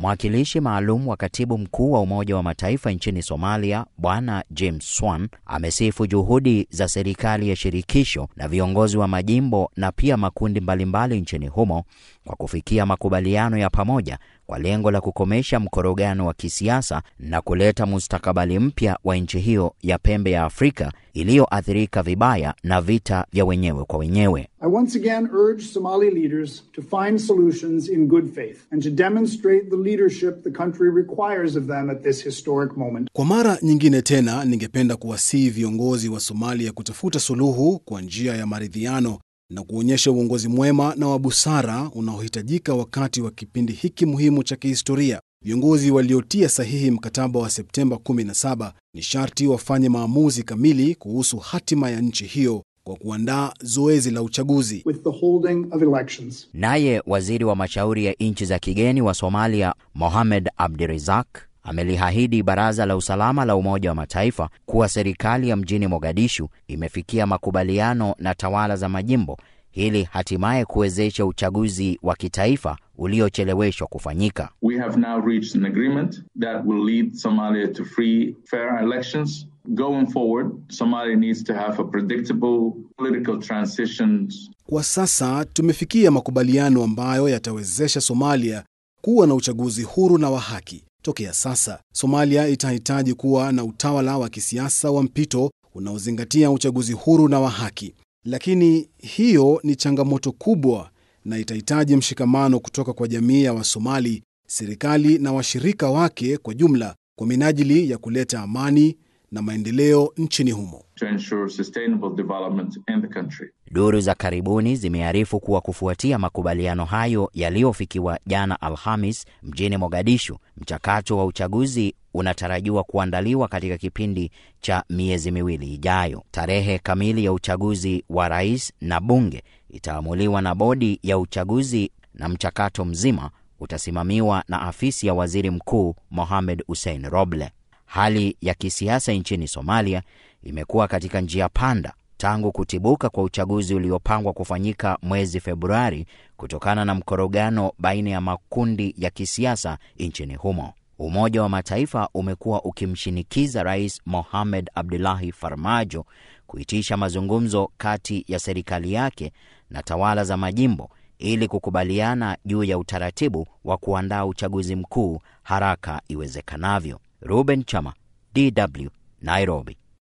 Mwakilishi maalum wa katibu mkuu wa Umoja wa Mataifa nchini Somalia, Bwana James Swan, amesifu juhudi za serikali ya shirikisho na viongozi wa majimbo na pia makundi mbalimbali nchini humo kwa kufikia makubaliano ya pamoja kwa lengo la kukomesha mkorogano wa kisiasa na kuleta mustakabali mpya wa nchi hiyo ya pembe ya Afrika iliyoathirika vibaya na vita vya wenyewe kwa wenyewe. I once again urge Somali leaders to find solutions in good faith and to demonstrate the leadership the country requires of them at this historic moment. Kwa mara nyingine tena, ningependa kuwasihi viongozi wa Somalia kutafuta suluhu kwa njia ya maridhiano na kuonyesha uongozi mwema na wa busara unaohitajika wakati wa kipindi hiki muhimu cha kihistoria. Viongozi waliotia sahihi mkataba wa Septemba 17 ni sharti wafanye maamuzi kamili kuhusu hatima ya nchi hiyo kwa kuandaa zoezi la uchaguzi. Naye waziri wa mashauri ya nchi za kigeni wa Somalia, Mohamed Abdirizak amelihahidi Baraza la Usalama la Umoja wa Mataifa kuwa serikali ya mjini Mogadishu imefikia makubaliano na tawala za majimbo ili hatimaye kuwezesha uchaguzi wa kitaifa uliocheleweshwa kufanyika. We have now reached an agreement that will lead Somalia to free fair elections. Going forward, Somalia needs to have a predictable political transition. Kwa sasa tumefikia makubaliano ambayo yatawezesha Somalia kuwa na uchaguzi huru na wa haki Tokea sasa, Somalia itahitaji kuwa na utawala wa kisiasa wa mpito unaozingatia uchaguzi huru na wa haki. Lakini hiyo ni changamoto kubwa na itahitaji mshikamano kutoka kwa jamii ya Wasomali, serikali na washirika wake kwa jumla kwa minajili ya kuleta amani na maendeleo nchini humo. Duru za karibuni zimearifu kuwa kufuatia makubaliano hayo yaliyofikiwa jana Alhamis mjini Mogadishu, mchakato wa uchaguzi unatarajiwa kuandaliwa katika kipindi cha miezi miwili ijayo. Tarehe kamili ya uchaguzi wa rais na bunge itaamuliwa na bodi ya uchaguzi na mchakato mzima utasimamiwa na afisi ya waziri mkuu Mohamed Hussein Roble. Hali ya kisiasa nchini Somalia imekuwa katika njia panda tangu kutibuka kwa uchaguzi uliopangwa kufanyika mwezi Februari kutokana na mkorogano baina ya makundi ya kisiasa nchini humo. Umoja wa Mataifa umekuwa ukimshinikiza Rais Mohamed Abdullahi Farmajo kuitisha mazungumzo kati ya serikali yake na tawala za majimbo ili kukubaliana juu ya utaratibu wa kuandaa uchaguzi mkuu haraka iwezekanavyo. Ruben Chama, DW, Nairobi.